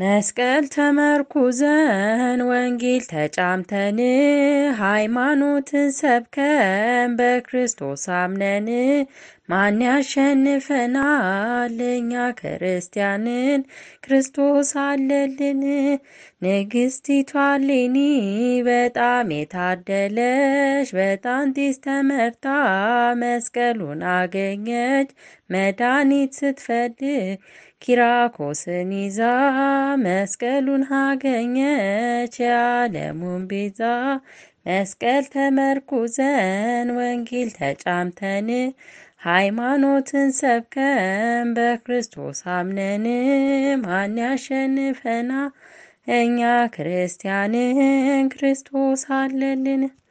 መስቀል ተመርኩዘን ወንጌል ተጫምተን ሃይማኖትን ሰብከን በክርስቶስ አምነን ማን ያሸንፈናል? እኛ ክርስቲያንን ክርስቶስ አለልን። ንግስቲቷ እሌኒ በጣም የታደለች በጣንጢስ ተመርታ መስቀሉን አገኘች። መድኃኒት ስትፈድ ኪራኮስን ይዛ መስቀሉን አገኘች። የዓለሙን ቤዛ መስቀል ተመርኩዘን ወንጌል ተጫምተን ሃይማኖትን ሰብከን በክርስቶስ አምነን ማን ያሸንፈና? እኛ ክርስቲያንን ክርስቶስ አለልን።